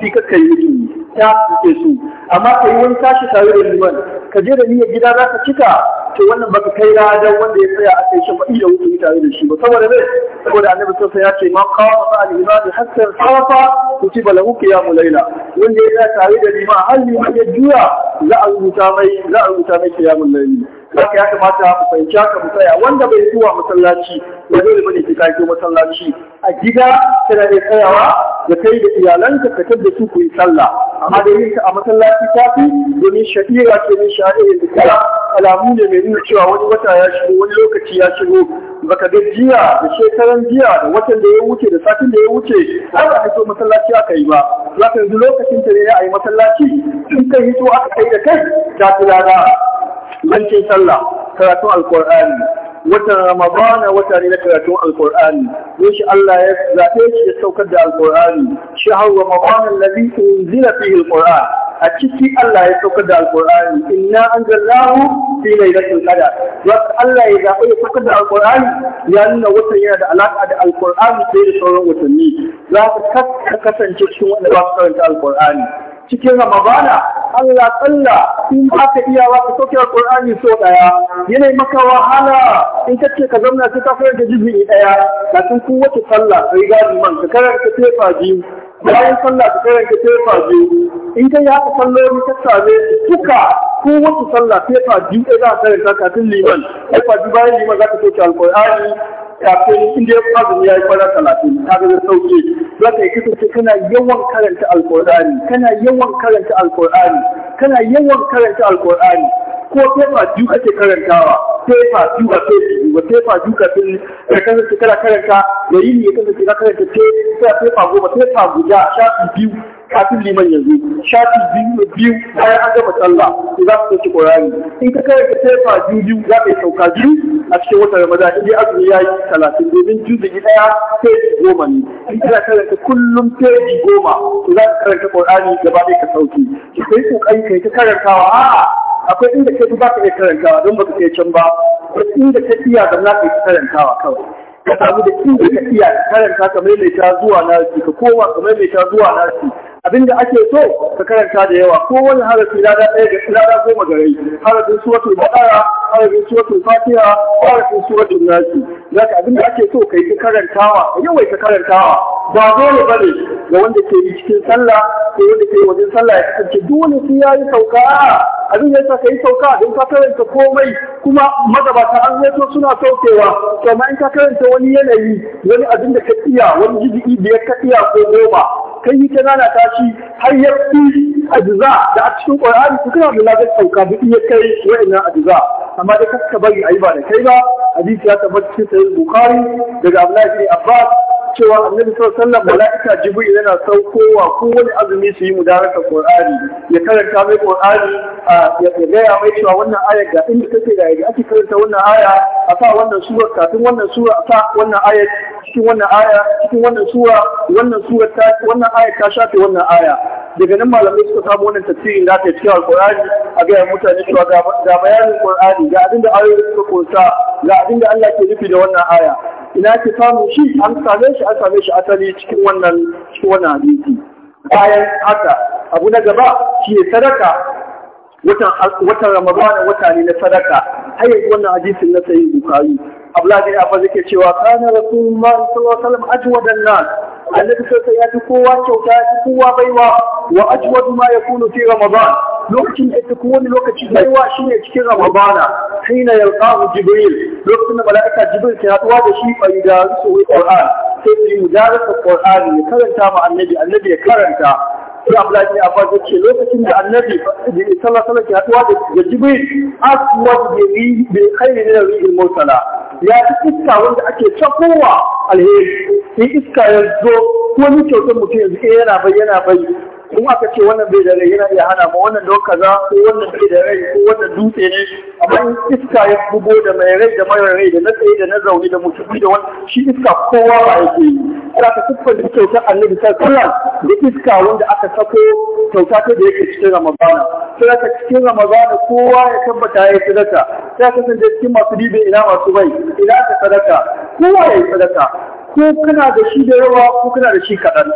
shi kayi kai ta suke su amma ka yi wani tashi tare da liman ka je da niyyar gida za ka cika to wannan baka kai dan wanda ya tsaya a kai shi ba'i da wuce tare da shi ba saboda me, saboda annabi sosai ya ce ma qama ma al-iman hasan safa kutiba lahu qiyamul laila. wanda ya tsaya tare da liman har liman ya juya za a rubuta mai za a rubuta mai qiyamul layli haka ya kamata mu fahimci haka mu tsaya wanda bai zuwa masallaci ba dole mani ki kai masallaci a gida kana da tsayawa da kai da iyalanka ka tabbatar su ku yi sallah amma da yin a masallaci tafi domin shahira ce min da kala alamu ne mai nuna cewa wani wata ya shigo wani lokaci ya shigo baka ga jiya da shekaran jiya da watan da ya wuce da satin da ya wuce har ba hito masallaci aka yi ba za ka yanzu lokacin da ya yi masallaci in ka hito aka kai da kai ta fi lada sallah karatun alkur'ani watan ramadana wata ne na karatun alqur'ani yashi Allah ya shi ya saukar da alqur'ani shahru ramadana alladhi unzila fihi alqur'an a ciki Allah ya saukar da alkur'ani inna anzalnahu fi lailatul qadr wata Allah ya zabe ya saukar da alkur'ani ya nuna watan yana da alaka da alkur'ani sai da sauran watanni za ka kasance cikin wanda ba su karanta alqur'ani cikin ramadana Allah tsalla in ba ka iya ba ka sauke Qur'ani so daya maka wahala in ka ce ka zauna sai ka fara da jibi daya kafin kowace sallah sai ga man ka karanta tefa biyu bayan sallah ka karanta fefa biyu in kai haka salloli ka same duka ko wata sallah fefa biyu ɗaya za ka karanta kafin liman fa biyu bayan liman za ka soke alƙur'ani kafin inda ya azumi ya yi kwana talatin ta ga sauki za ka yi kasance kana yawan karanta alƙur'ani kana yawan karanta alƙur'ani kana yawan karanta alƙur'ani ko fefa biyu kake karantawa tefa biyu a fefa biyu ba fefa biyu ka sun ka kasance kana karanta da yini ya kasance ka karanta tefa goma Tefa guda shafi biyu kafin liman yanzu shafi biyu biyu bayan an gama sallah to za su ɗauki ƙorari in ka karanta tefa biyu biyu za ka yi sauka biyu a cikin watan ramadan in dai azumi ya yi talatin domin juzugi ɗaya peji goma ne in kana karanta kullum peji goma to za ka karanta ƙorari gaba ɗaya ka sauki ki kai ƙoƙari kai ta karantawa a'a akwai inda kai ba ka iya karantawa don baka kai can ba ko inda ka iya da na ka iya karantawa kawai ka samu da inda ka iya karanta ka maimaita zuwa na ka koma ka maimaita zuwa na abinda ake so ka karanta da yawa ko wani harafi lada ɗaya ga lada goma ga rai harafin suwatul baqara harafin suwatul fatiha harafin suwatul nasi zaka abinda ake so kai ka karantawa yawai ka karantawa ba dole bane ga wanda ke cikin sallah ko wanda ke wajen sallah ya kasance dole sai yayi sauka abin yasa kai sauka don ka karanta komai kuma magabata an zato suna saukewa to in ka karanta wani yanayi wani abin da ka iya wani jiji'i biyar ka iya ko goma kai yi ta nana ta shi har ya fi ajiza da a cikin ƙwararri su kana da lafiyar sauka duk ya kai a ajiza amma da kaska bari a yi ba da kai ba hadisi ya tabbata cikin sayin bukari daga abdullahi bin abbas cewa annabi sallallahu alaihi wasallam mala'ika jibril yana saukowa wani azumi su yi mudaraka qur'ani ya karanta mai qur'ani ya gaya mai cewa wannan aya ga inda take da yadda ake karanta wannan aya a sa wannan sura kafin wannan sura a sa wannan aya cikin wannan aya cikin wannan sura wannan sura ta wannan aya ta shafe wannan aya daga nan malamai suka samu wannan tafsirin da ta cikin alqur'ani a ga mutane cewa ga bayanin qur'ani ga abinda ayoyi suka kunsa ga abinda Allah ke nufi da wannan aya ina ke samu shi an same shi an same shi asali cikin wannan cikin wannan hadisi bayan haka abu na gaba shi ne sadaka watan watan ramadana wata ne na sadaka har yanzu wannan hadisin na sayi bukari abdullahi ibn abbas yake cewa kana rasulullahi sallallahu alaihi wasallam ajwadan nas annabi sai ya fi kowa kyauta ya fi kowa baiwa wa ajwadu ma yakunu fi ramadan lokacin da take wani lokaci baiwa shine cikin ramadana hina yalqahu jibril lokacin da malaika jibril ke haduwa da shi yi da su qur'an sai su yi mudarasa qur'ani ya karanta ma annabi annabi ya karanta sai Abdullahi bin Abbas yace lokacin da Annabi sallallahu alaihi wasallam haduwa da Jibril aswad yi bi khairin min al mursala ya iska wanda ake cakowa alheri sai iska ya zo wani kyautar mutum yanzu eh, yana bai yana bai in aka ce wannan bai da rai yana iya hana ma wannan don kaza ko wannan bai da rai ko wannan dutse ne amma in iska ya bugo da mai rai da mara rai da na tsaye da na zaune da mutum da wani shi iska kowa ba ke yi ana ka siffar da kyautar annabi sallallahu da iska wanda aka sako kyauta ta da yake cikin ramadana sai ta cikin ramadana kowa ya tabbata ya sadaka sai kasance cikin masu dibe ina masu bai ina ka sadaka kowa ya yi sadaka ko kana da shi da yawa ko kana da shi kaɗan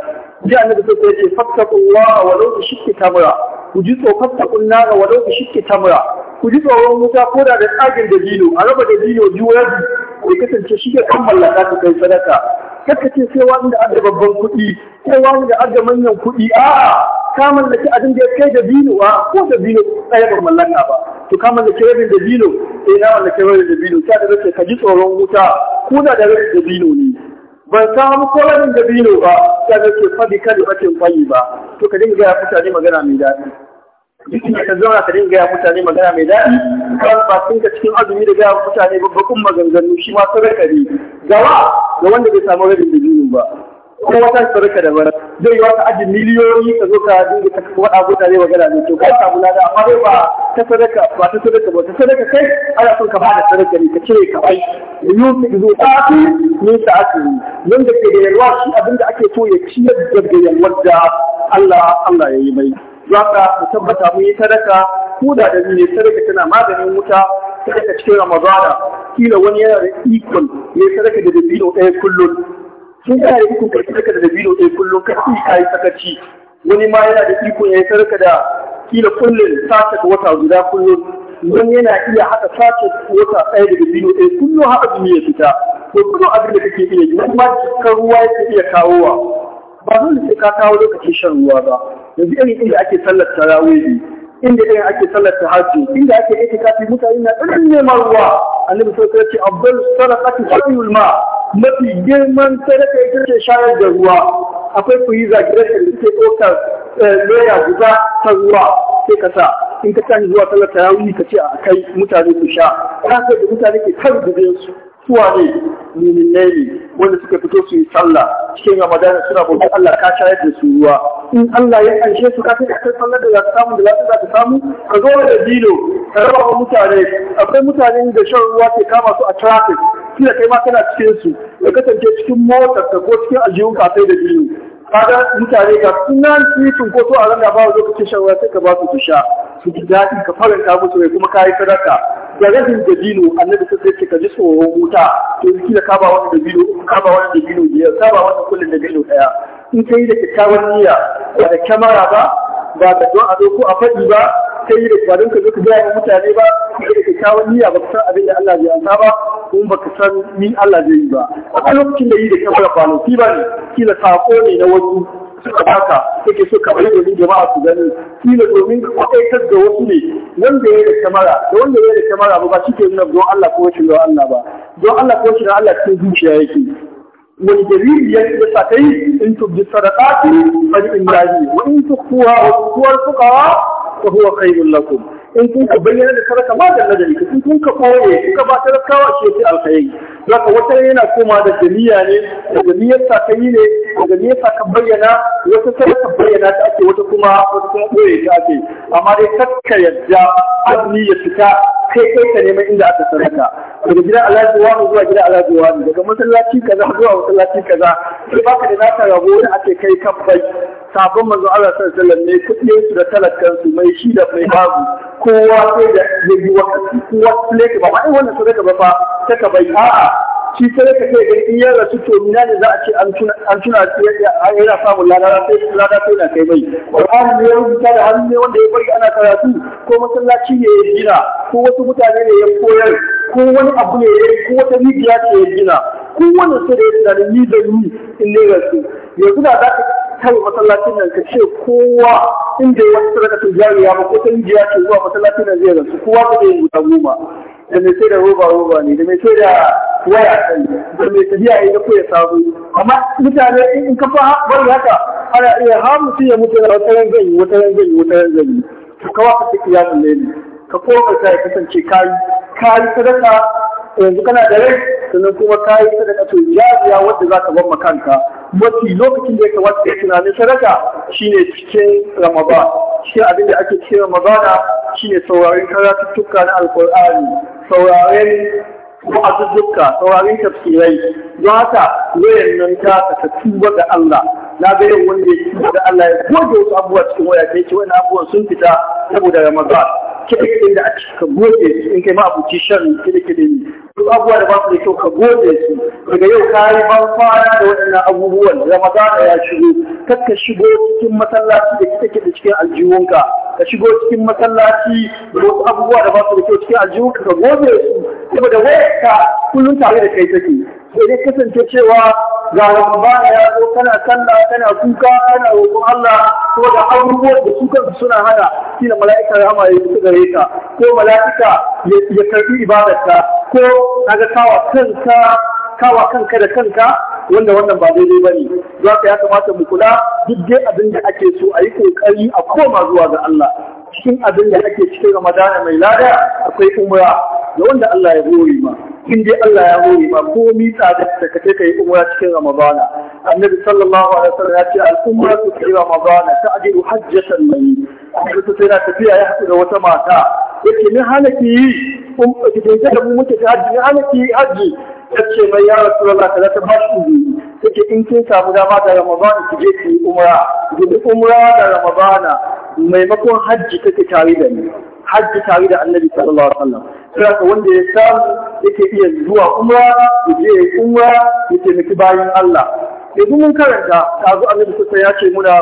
ji annabi sai ya ce fattaqullaha wa law shikki tamra ku ji tso fattaqun wa law shikki tamra ku ji tsoron wuta ko da da tsagin da dino a raba da dino juwar ku kasance shi ke kan mallaka ta kai sadaka kaka ce sai wani da adda babban kuɗi sai wani da adda manyan kuɗi a ka mallaki abin da ya kai da dino a ko da dino tsaye ba mallaka ba to ka mallaki rabin da dino sai eh, na mallaki rabin da dino ta da ka ji tsoron wuta ko da rabin da dino ne ban samu ko da dabino ba ya ke fadi kada bakin kwayi ba to ka dinga ya mutane magana mai daɗi duk ka zauna ka dinga ya mutane magana mai daɗi kan ba sun ka cikin azumi da gaya mutane babbakun maganganu shi ma sarakari gawa ga wanda bai samu rabin dabino ba ko wata sarka da bara zai yi wata ajin miliyoyi ka zo ka dinga ka wada mutane magana ne to samu lada amma dai ba ta sadaka ba ta ba ta kai ana son ka da sadaka ne ka cire ka bai yusuf zo tafi ne ta yi. nan da ke da yalwa shi abinda ake so ya ci da yalwar da Allah Allah ya yi mai zaka mu tabbata mu yi sadaka ko da da ne sadaka tana maganin wuta sadaka cikin ramadana kila wani yana da ikon ya sadaka da dabino ɗaya kullum sun kana da iko kai sarka da dabino ɗaya kullum ka ci ka yi sakaci wani ma yana da iko ya yi sarka da kila kullum sace ga wata guda kullum don yana iya haɗa sace wata ɗaya da dabino ɗaya kullum haɗa jini ya fita ko kullum abin da kake iya yi wani ma cikin ruwa yake iya kawowa ba zan sai ka kawo lokacin shan ruwa ba yanzu irin inda ake sallar tarawih inda irin ake sallar hajji inda ake itikafi mutane na ɗan neman ruwa annabi sai ya ce abdul sadaqatu khayrul ma mafi girman sadaka ita ce shayar da ruwa akwai kuyi gidan da suke ɗaukar eh, leda guda ta ruwa sai ka in ka tashi zuwa sallar tarawih ka ce a kai mutane su sha ka sai da mutane ke kan gudun su suwa ne muminai ne wanda suka fito su yi sallah cikin ramadana suna bauta. Allah ka shayar da su ruwa in Allah ya anshe su ka kai kai sallar da za ka samu da lafiya za ka samu ka zo da dino ka raba mutane akwai mutane da shan ruwa ke kama su a traffic kila kai ma kana cikin su ya kasance cikin motar ta ko cikin aljihun kafai da biyu kaga mutane ga sunan titin ko to a ranar ba lokacin shan ruwa sai ka ba su su sha su ji daɗi ka faranta musu mai kuma kayi sadaka da rabin dabino annabi sai sai ka ji tsoron wuta to kila ka ba wani dabino ka ba wani dabino ya ka ba wani kullun dabino ɗaya in kai da kyakkyawan niyya ba da kyamara ba ba da don a ko a faɗi ba kai da kwadon ka zo ka gaya mutane ba kai da kyakkyawan niyya ba ka san abin da Allah ya amsa ba kuma baka san ni Allah zai yi ba a lokacin da yi da kan fara ba ne kila sako ne na wasu suka baka suke so ka da ni jama'a su gani kila domin ka kwaikar da wasu ne wanda ya da kamara da wanda ya da kamara ba shi ke nuna don Allah ko shi don Allah ba don Allah ko shi don Allah cikin zuciya yake wani dalili ya da sa yi in tubdi sadaqati fa in lahi wa in tukhuha wa tukhuha fuqara fa huwa khairul lakum in kun ka bayyana da sadaka ma da nadari in kun ka koye kun ka ba talakawa shi yake alkhairi ka wata yana koma da jami'a ne da jami'ar sa kai ne da jami'ar sa ka bayyana wata sadaka bayyana ta ake wata kuma wata kuma koye ta ake amma dai kakka yadda azumi ya fita kai kai ka neman inda aka sarrafa daga gidan alhaji wani zuwa gidan alhaji wani daga masallaci kaza zuwa masallaci kaza sai baka da naka rabo wani ake kai kan bai sabon manzo Allah sallallahu alaihi wasallam ne kudin su da talakan su mai shi da mai babu kowa sai da yayi wakati kowa sai ka ba mai wannan sadaka ba fa ka bai a'a shi sai ka kai eh, in ya rasu to mina ne za a ce an tuna yana samun lada sai lada sai na kai mai. Qur'ani ne ya rubuta da hannu ne wanda ya bari ana karatu ko masallaci ne ya gina ko wasu mutane ne ya koyar ko wani abu ne ya ko wata rijiya ce ya gina ko wani sai da ya tunanin ni da ni in ne rasu yanzu da za ka kai masallacin nan ka ce kowa inda ya wasu sadaka ya ba ko ta rijiya ce zuwa masallacin nan zai rasu kowa ba zai yi guda goma da mai sai da roba roba ne da mai sai da waya kai da mai tafiya ya ko ya samu amma mutane in ka fa bari haka ana iya har mutum ya mutu wata ran zai wata ran zai wata ran zai to ka tafi ya tsalle ne ka ya kasance kayi kayi sadaka yanzu kana da rai sannan kuma kayi sadaka to jariya wanda za ka bar makanka mafi lokacin da ya kamata ka tunanin sadaka shine cikin ramadan cikin abin da ake cikin ramadana shine sauraron karatuttuka na alkur'ani sauraren wa'azuzzuka saurarin tafsirai za ta wayannan nan ta ka tuba ga Allah na ga yin wanda ya ci da Allah ya goge wasu abubuwa cikin waya ke ce wani abubuwan sun fita saboda Ramadan ke ɗin da a ka goge su in kai ma abuci shan kiɗe-kiɗe ne duk abubuwa da ba su da kyau ka goge su daga yau ka yi ban fara da waɗannan abubuwan Ramadan ya shigo kar ka shigo cikin masallaci da kiɗe-kiɗe cikin aljihunka ka shigo cikin masallaci da wasu abubuwa da ba su da kyau cikin aljihunka ka goge su saboda wayarka kullum tare da kai take sai kasance cewa ga Ramadan ya zo kana sallah kana kuka kana roƙon Allah ko da abubuwan da su kansu suna hana shi da mala'ika rahama ya fita gare ka ko mala'ika ya karbi ibadarka ko kaga kawa kanka kawa kanka da kanka wanda wannan ba daidai ba ne za ka ya kamata mu kula duk dai abin da ake so a yi kokari a koma zuwa ga Allah cikin abin da ake cikin ramadana mai lada akwai umra da wanda Allah ya hori ma in dai Allah ya hori ma ko mi tsada da kace kai umra cikin ramadana annabi sallallahu alaihi wasallam ya ce al-umra fi ramadana ta'dilu hajjatan mai annabi sai na tafiya ya haɗu da wata mata yake ni hana ki yi um, ki je da mu muke haji ni hana ki yi mai ya rasulullah kaza ta ba shi in kin samu dama da ramadana ki je ki umra ki umra da ramadana maimakon hajji take tare da ni hajji tare da annabi sallallahu alaihi wasallam sai wanda ya samu yake iya zuwa umra ya je umra ya taimaki bayan Allah yanzu mun karanta tazo annabi sallallahu ya ce muna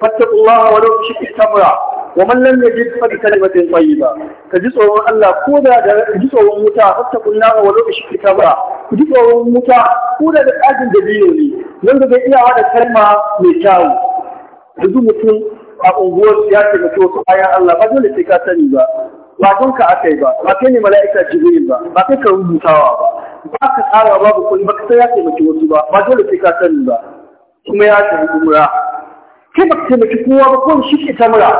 fattaqullaha wa law shi'ta tamra wa man lam yajid fa bi kalimatin tayyiba ka ji tsoron Allah ko da da ji tsoron wuta fattaqullaha wa law shi'ta tamra ku ji tsoron wuta ko da da kajin da biyo ne nan da iyawa da kalma mai kyau yanzu mutum a unguwar ya taimaki wasu bayan Allah ba dole sai ka sani ba ba kun ka aka ba ba kai ne mala'ika jibril ba ba kai ka rubutawa ba ba ka tsara babu kun ba ka ya taimaki wasu ba ba dole sai ka sani ba kuma ya tafi umra kai ba ka taimaki kowa ba kun shi ke mura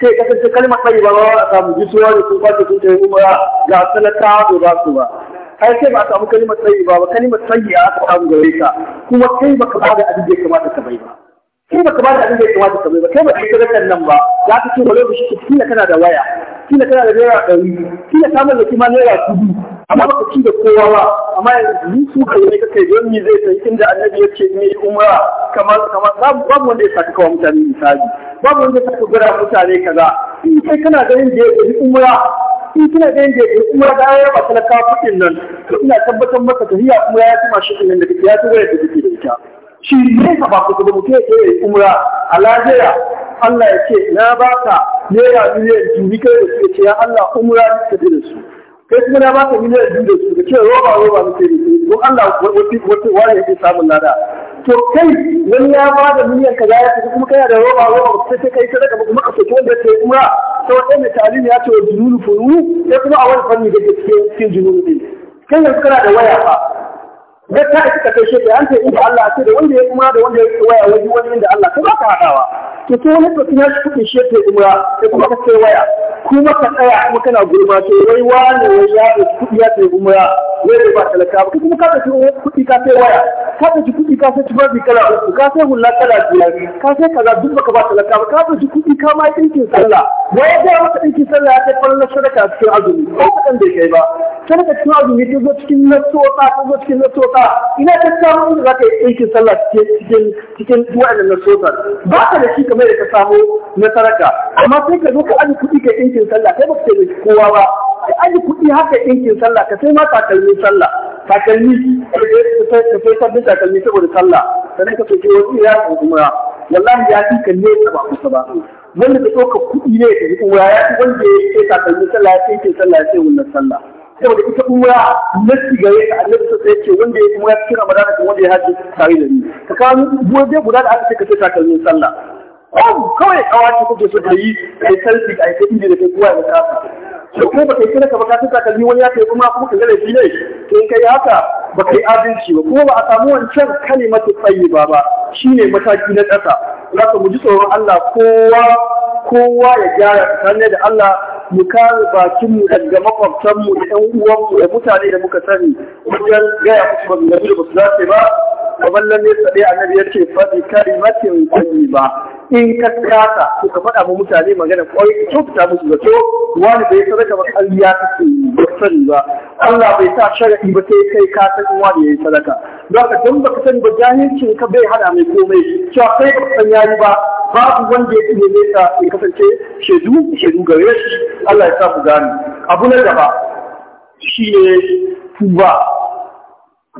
sai ka kasance kalmar tsayi ba ba a samu jisuwa da kun kwace kun taimaki umra ga talaka ba su ba kai sai ba a samu kalmar tsayi ba ba kalmar tsayi a aka samu gare ka kuma kai ba ka ba abin da ya kamata ka bai ba kai baka ba da abin da ya kamata ka bai ba kai baka yi sadakar nan ba za ka ce wani bishi Kina kana da waya Kina kana da naira ɗari kila ka mallaki ma naira kudu amma baka ci da kowa ba amma yanzu su kai ne kai don me zai san inda annabi ya ce ne umra kamar kamar babu wanda ya saka kawo mutane misali babu wanda ya saka gwada mutane kaza in kai kana ganin da ya yi umra in kina da yanda ya kuma da ya ba talaka kuɗin nan to ina tabbatar maka tafiya kuma ya kuma shi ne, da ya ci wayar da kike da ita shi ne ka ba ku da mutum ya yi umra a Najeriya Allah ya ce na baka naira miliyan dubi kai da su ce ya Allah umra ka da su kai kuma na baka miliyan dubi da su da ce roba roba muke da su don Allah wata wani ya ke samun lada to kai wani ya ba da miliyan kaza ya tafi kuma kana da roba roba sai sai kai sadaka ba kuma ka soki wanda ya ce umra to wanda mai talimi ya ce wa jununu furu sai kuma a wani fanni da ke cikin cikin jununu ne kai yanzu kana da waya fa da ta ita suka kai shi an ce inda Allah ce da wanda ya kuma da wanda ya yi waya waje wani inda Allah ko za ka haɗawa? to to wani to kina shi kuke shi ta umra sai kuma ka kai waya kuma ka tsaya kuma kana gurma to wai wani wai ya da kuɗi ya ta umra wai ba talaka ba kuma ka ɗauki ci kudi ka kai waya ka ɗauki kuɗi ka sai tubabi kala uku ka sai hulla kala biyar ka sai kaza duk baka ba talaka ba ka ɗauki kuɗi kudi ka ma dinkin sallah wai ga maka dinkin sallah ya kai fallan sadaka cikin azumi ko kadan bai kai ba sadaka cikin azumi ta zo cikin nasota ta zo cikin nasota ba ina ta samu inda za ka yi ɗinkin sallah cikin cikin wa'annan na sosan ba ka da shi kamar da ka samu na saraka amma sai ka zo ka aji kuɗi ka ɗinkin sallah kai ba ka taimaki kowa ba ka aji kuɗi haka ɗinkin sallah ka sai ma takalmin sallah takalmi ka sai sabbin takalmi saboda sallah sannan ka soke wani ya kan umra wallahi ya fi ka ne ba kusa ba wanda ka ɗauka kuɗi ne ka yi umra ya fi wanda ya sai takalmin sallah ya ɗinkin sallah ya sai wannan sallah saboda ita umra na gare ta annabi sai ya ce wanda ya umra cikin ramadana kan wanda ya haji tare da ni ka kawo gobe guda da aka ce ka ce takalmin sallah kawai kawace kuke so ka yi kai selfie kai ta inda da kai kowa ya kasa to ko baka yi sadaka ba ka tuka kalli wani ya kai kuma kuma ka gane shi ne to in kai haka ba kai adalci ba kuma ba a samu wancan kalimatu tayyiba ba shine mataki na ƙasa zaka mu ji tsoron Allah kowa kowa ya gyara tsakanin da Allah mu kare bakinmu daga makwabtanmu da 'yan uwarmu da mutane da muka sani wajen gaya musu ba da ba su dace ba kamar lalle tsaye annabi yace ce faɗi karimatin tayyiba in ka kasa ko ka faɗa ma mutane magana kwarai ka kyautata musu to? wani bai sadaka ba ƙarya kake ba sani ba Allah bai sa shari'i ba sai kai ka san wani yayi sadaka don ka dan baka sani ba jahilcin ka bai hada mai komai cewa sai ka san yayi ba babu wanda ya iya nesa ya kasance shaidu shaidu gare shi Allah ya sa ku gane abu na gaba shi ne tuba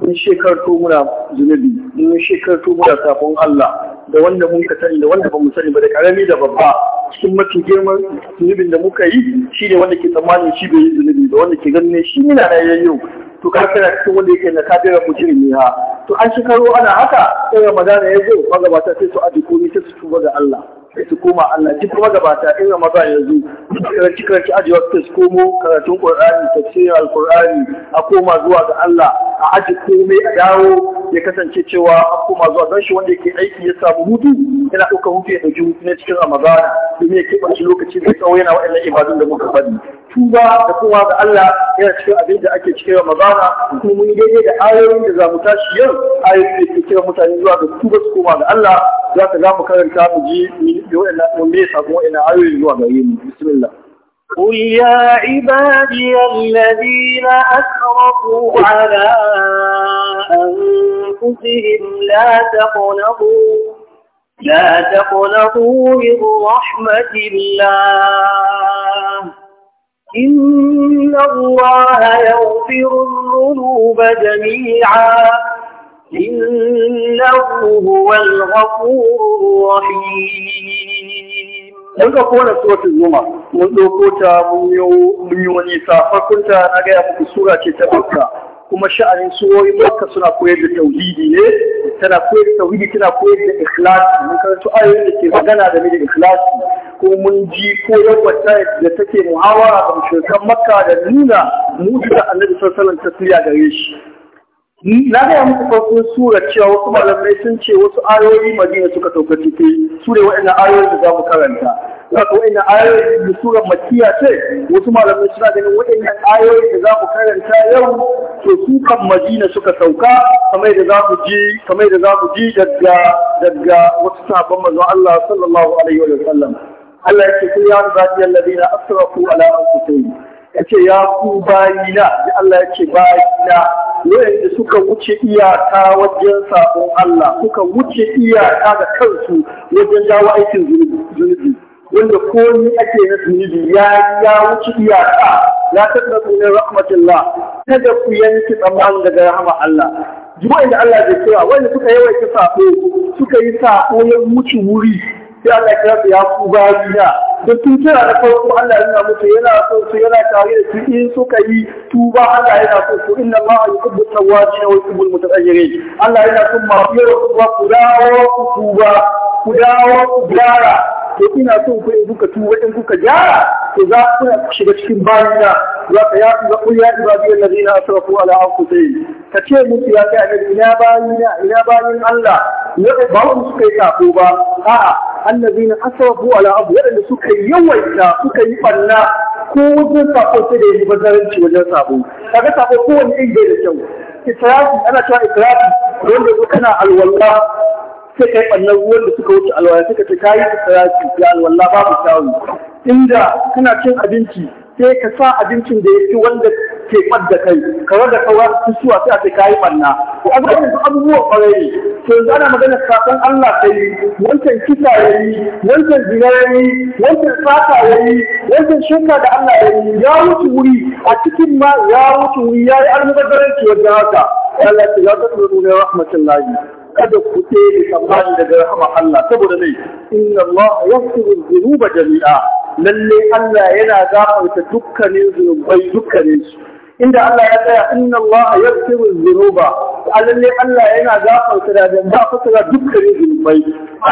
in to muna zunubi in to muna safon Allah da wanda mun ka sani da wanda ba mu sani ba da karami da babba cikin mafi girman zunubin da muka yi shi ne wanda ke tsammanin shi bai yi zunubi da wanda ke ganin shi yana da yau, to ka kana cikin wanda yake na kafira mujrimi ha to an shekaru ana haka sai ramadana ya zo magabata sai su aji komai sai su tuba ga Allah sai su koma Allah duk magabata in Ramadan ya zo karanci karanci ajiwa suka su komo karatun Qur'ani tafsirin Al-Qur'ani a koma zuwa ga Allah a aji komai a dawo ya kasance cewa a koma zuwa don shi wanda yake aiki ya samu hutu yana ɗaukar hutu ya ɗauki hutu ne cikin Ramadan domin ya keɓance lokaci mai tsawo yana waɗannan ibadun da muka faɗi tuba da kowa ga Allah yana cikin abin da ake cikin Ramadana, kuma mun daidai da ayoyin da za mu tashi yau ayoyin da ke kira mutane zuwa ga tuba su koma ga Allah za ka za mu karanta mu ji mu me sakon wa'annan ayoyin zuwa ga mu bismillah قل يا عبادي الذين أسرفوا على أنفسهم لا تقنطوا لا تقنطوا من رحمة الله إن الله يغفر الذنوب جميعا إنه هو الغفور الرحيم mun ga kowane suratul zuma mun ɗauko ta mun yi wani safa kunta na gaya muku sura ce ta bakka kuma sha'anin suwoyin makka suna koyar da tauhidi ne tana koyar da tauhidi tana koyar da ikhlasi mun karanto ayoyin da ke magana da game da ikhlasi ko mun ji ko wata da take muhawara da mushrikan makka da nuna mutu da annabi sallallahu alaihi wasallam gare shi na gaya muku farkon sura cewa wasu malamai sun ce wasu ayoyi madina suka sauka ciki su ne waɗannan ayoyin da za mu karanta wato ina ayoyi da sura makiya ce wasu malamai suna ganin wa'annan ayoyi da za mu karanta yau to su kan madina suka sauka kamar da za mu ji kamar da za ku ji daga daga wasu sabon manzon Allah sallallahu alaihi wa sallam Allah ya ku ya ibadi alladina asrafu ala anfusihim yace ya ku bayina ya Allah ya ce bayina wayanda suka wuce iyaka wajen sabon Allah suka wuce iyaka ga kansu wajen dawo aikin zunubi wanda komi ake na zunubi ya ya wuce iyaka la tasrafu min rahmatillah kada ku yanki tsammanin daga rahama Allah juma'a da Allah zai kira wanda suka yawaita sako suka yi sako ya wuce wuri sai Allah ya kira ya ku da sun kira na farko Allah yana musu yana so su yana tare da su in suka yi tuba Allah yana so su inna ma yuhibbu tawwabin wa yuhibbu mutatahhirin Allah yana son ma yau tuba ku dawo ku tuba ku dawo ku gyara to ina so ku in kuka tuba in kuka gyara to za ku shiga cikin bayina za ka ya ga ku ya ibadiyya allazina asrafu ala anfusihim ka ce musu ya kai annabi ina bayina ina bayin Allah ba mu suka yi kafo ba a'a allazina asrafu ala abu wadanda suka suka yawaita suka yi ɓanna ko wajen sako sai da yi bazaranci wajen sabo kaga sako kowane bai da kyau israfi ana cewa israfi wanda zo kana alwala sai kai ɓannan ruwan da suka wuce alwala suka ce kayi israfi ya alwala babu kyawu inda kana cin abinci sai ka sa abincin da ya fi wanda ke da kai ka raga sauran suwa sai a ce kayi ɓanna ko an gani su abubuwan kwarai ne to yanzu ana magana kafin Allah kai yi wancan kisa ya yi wancan zina ya wancan fata ya wancan shuka da Allah ya yi ya wuce wuri a cikin ma ya wuce wuri ya yi almubazzaranci wajen haka Allah ya tsaya ta tsoro ne rahmatullahi kada ku tsere tsammani daga rahama Allah saboda mai inna Allah yaghfiru dhunuba jami'a lalle Allah yana gafarta dukkanin zunubai dukkanin su inda Allah ya tsaya inna Allah yaghfiru dhunuba alalle Allah yana gafarta da dan gafarta dukkanin zunubai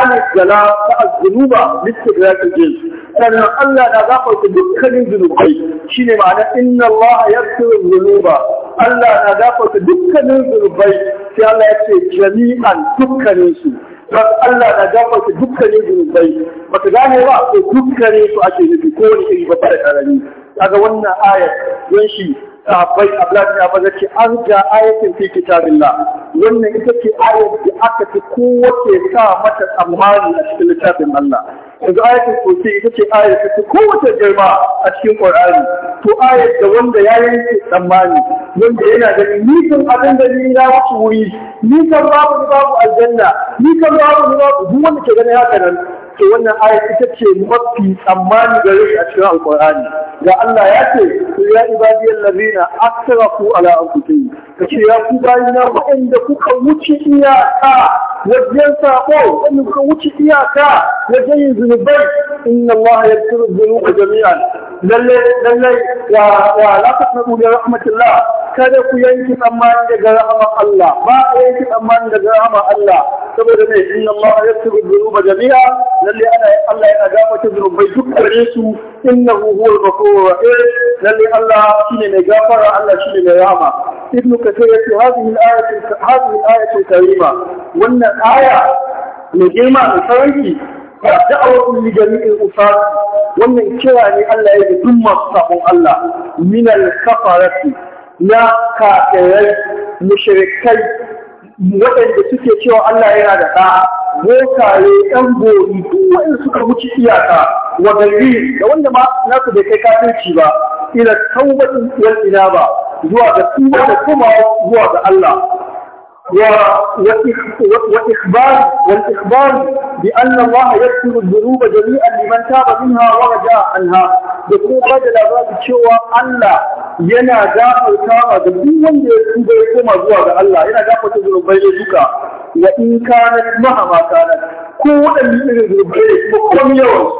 ana gala ta dhunuba listidrakin jin sannan Allah na gafarta dukkanin zunubai shine ma'ana inna Allah yaghfiru dhunuba Allah na gafarta dukkanin zunubai sai Allah ya ce jami'an dukkanin su don Allah na gafarta dukkanin zunubai baka gane ba ko dukkanin su ake nufi ko wani iri babba da karami kaga wannan ayar don shi sahabbai Abdullahi ya faɗa ce an ga ayatin fi kitabillah wannan ita ce ayar da aka ci kowace sa mata tsammani a cikin littafin Allah yanzu ayatul kursi ita ce ayar ta kowace girma a cikin Qur'ani to ayar da wanda ya yanke tsammani wanda yana ganin ni kan abin da ni na wuce wuri ni kan babu babu aljanna ni kan babu ni babu duk wanda ke ganin haka nan to wannan ayar ita ce mafi tsammani gare shi a cikin Al-Qur'ani ga Allah ya ce ya ibadiyal ladina asrafu ala anfusihim ka ce ya ku bayina waɗanda kuka wuce iyaka wajen saƙo, waɗanda kuka wuce iyaka wajen yin zunubai inna Allah ya tsiri zunuba jami'an lallai lallai wa la taqnatu min rahmatillah kada ku yanki tsammani daga rahmar Allah ba ku yanki tsammani daga rahmar Allah saboda ne inna Allah ya tsiri zunuba jami'a lallai ana Allah yana gafarta zunubai duk kare su innahu huwal ghafurur rahim lallai Allah shine mai gafara Allah shine mai rahama ibnu suka ce ya ce hazi ayatun karima wannan aya mai girma da sarki ba da awon ligami in usa wannan kira ne Allah ya ga duk masu sabon Allah minal kafarati na kafirai mushrikai waɗanda suke cewa Allah yana da ɗa bokaye ɗan gori duk waɗanda suka wuce iyaka wa gari da wanda ma nasu bai kai kafirci ba ila taubatin wal inaba zuwa ga tuba da kuma zuwa ga Allah wa ikhbar wal ikhbar bi anna Allah yaqbalu dhunuba jami'an liman taba minha wa raja'a anha da ko bada da cewa Allah yana gafarta wa duk wanda ya tuba ya koma zuwa ga Allah yana gafarta zunubai da duka wa in kana mahama ko wanda ya tuba ya koma yawa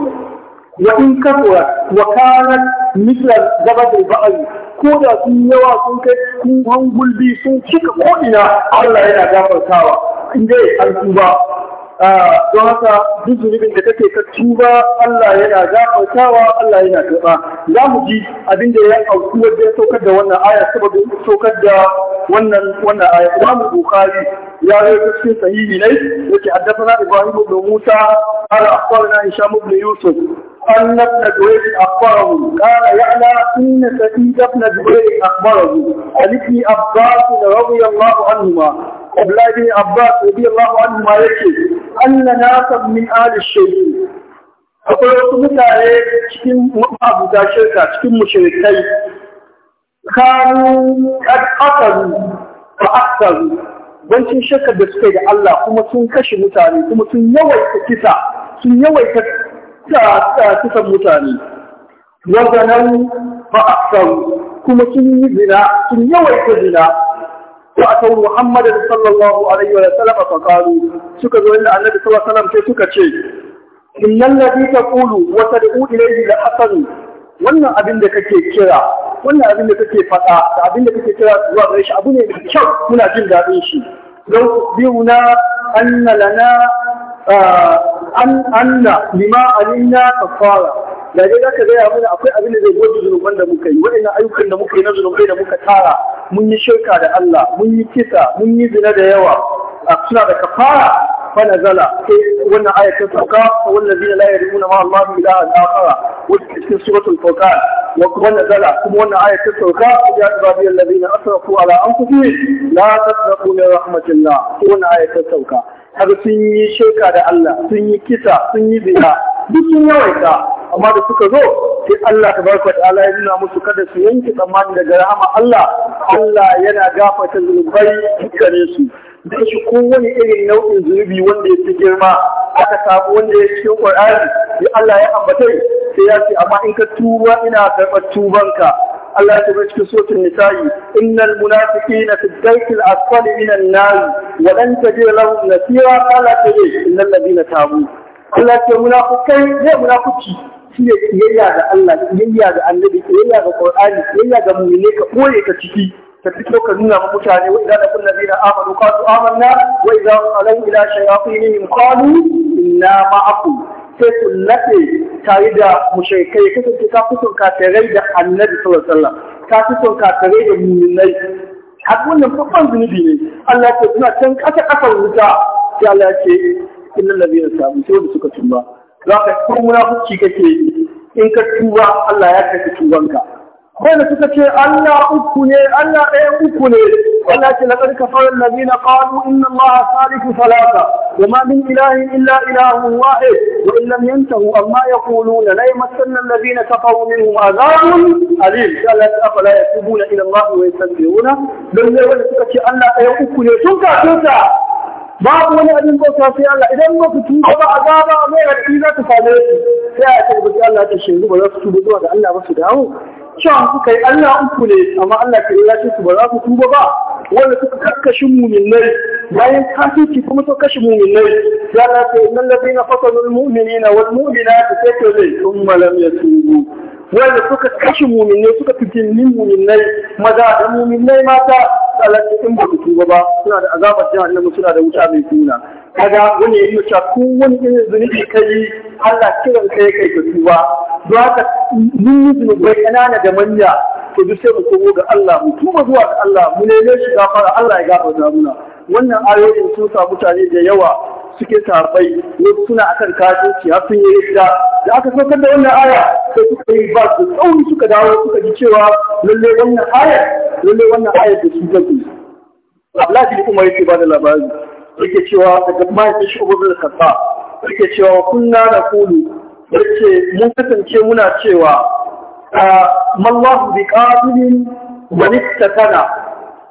وإن كثرت وكانت مثل زبد البعير ko da sun yawa sun kai kuhan gulbi sun cika ko'ina Allah yana gafartawa in dai an tuba don haka duk da kake ka tuba Allah yana gafartawa Allah yana tuba za mu ji abin da ya auku wajen saukar da wannan aya sababin saukar da wannan wannan aya Imam Bukhari ya rawaito cikin sahihi ne yake haddathana Ibrahim ibn Musa ala akhbarana Hisham ibn Yusuf أن ابن جوير أخبره قال يعلى إن سعيد ابن جوير أخبره عن ابن عباس رضي الله عنهما قبل ابن عباس رضي الله عنهما يكي أن ناسا من آل الشيء akwai wasu mutane cikin ma'abuta shirka cikin mushrikai kanu kad akaru fa aktaru bancin shirka da suka yi da Allah kuma sun kashe mutane kuma sun yawaita kisa ta kisan mutane wazanan fa'aksaru kuma sun yi zina sun yawaita zina a fa'atau Muhammadu sallallahu alaihi wa sallam fa qalu suka zo inda annabi sallallahu alaihi wa sallam sai suka ce innal ladhi taqulu wa tad'u ilayhi da hasan wannan abin da kake kira wannan abin da kake faɗa da abin da kake kira zuwa gare shi abu ne mai kyau muna jin daɗin shi don biyu na anna lana an anna lima alinna kafara da dai zaka gaya mana akwai abin da zai goge zunuban da muka yi waɗannan ayyukan da muka yi na zunubai da muka tara mun yi shirka da Allah mun yi kisa mun yi zina da yawa suna da kafara fa nazala sai wannan aya ta sauka wallazina la yarjuna ma Allah ilaha akhara wata cikin suratul furqan wa kuma nazala kuma wannan aya ta sauka ya ibadi allazina asrafu ala anfusihim la tasrafu li rahmatillah wannan aya ta sauka har sun yi sheka da Allah sun yi kisa sun yi zina duk sun yawaita amma da suka zo sai Allah ta tabaraka ta'ala ya nuna musu kada su yanke tsammani daga rahama Allah Allah yana gafarta zunubai dukkanin su dan shi wani irin nau'in zunubi wanda ya fi girma aka samu wanda ya cikin Qur'ani sai Allah ya ambata sai ya ce amma in ka tuba ina karɓar tubanka Allah ya tabbata cikin suratul nisa'i innal munafiqina fi ddarkil asfali minan nar wa lan tajid lahum nasira qala tajid innal ladina tabu Allah ya munafikai ne munafiki shine kiyayya da Allah kiyayya da annabi kiyayya ga Qur'ani kiyayya ga mu'mini ka koye ka ciki ka fito ka nuna ma mutane wa idan kunna ladina amanu qalu amanna wa idan qalu ila shayatinihim qalu inna ma'akum sai ku nade tare da mushrikai ya kasance ka fi son kafirai da annabi sallallahu ta wasallam ka fi son da mu'minai har wannan babban zunubi ne Allah ce suna can kasa ƙasar wuta sai Allah ce illal ladina sabu sai da suka tuba za ka kuma munafiki kake in ka tuba Allah ya tuban ka wanda suka ce Allah uku ne Allah ɗaya uku ne Allah ce laqad kafara allazina qalu inna Allaha salisu salasa wa ma min ilahin illa ilahun wahid wa in lam yantahu amma ya yaquluna la yamassanna allazina kafaru minhum azabun alim Allah ta fala yatubuna ila Allah wa yastaghfiruna Don ne wanda suka ce Allah ɗaya uku ne sun kafinta babu wani abin bauta sai Allah idan ba ku tuba ba azaba mai raɗi za ta same su sai a ce Allah ta shi ba za su tuba zuwa ga Allah ba su dawo cewa suka yi Allah uku ne amma Allah ya ce su ba za su tuba ba wanda suka kakkashin muminai bayan kafirci kuma suka kashe muminai ya la ta inna alladhina fatalu almu'minina wal zai sun malam ya tubu wanda suka kashe muminai suka fitinni muminai maza da muminai mata Allah in ba tuba ba suna da azabar suna da wuta mai suna. kaga wani ya yi cewa wani irin zunubi ka yi Allah kiran kai kai ka tuba don haka mun yi ƙanana da manya to duk sai mu komo ga Allah mu tuba zuwa ga Allah mu neme shi fara. Allah ya gafarta muna wannan ayoyin sun sa mutane da yawa suke tarbai wasu suna akan kafirci har sun yi rida da aka saukar da wannan aya sai suka yi ba su tsauri suka dawo suka ji cewa lalle wannan aya lalle wannan aya da su take Abdullahi Umar yake ba da labari yake cewa daga mahaifin shi kasa yake cewa kunna na kulu yace mun kasance muna cewa mallahu bi qabilin wa nittakana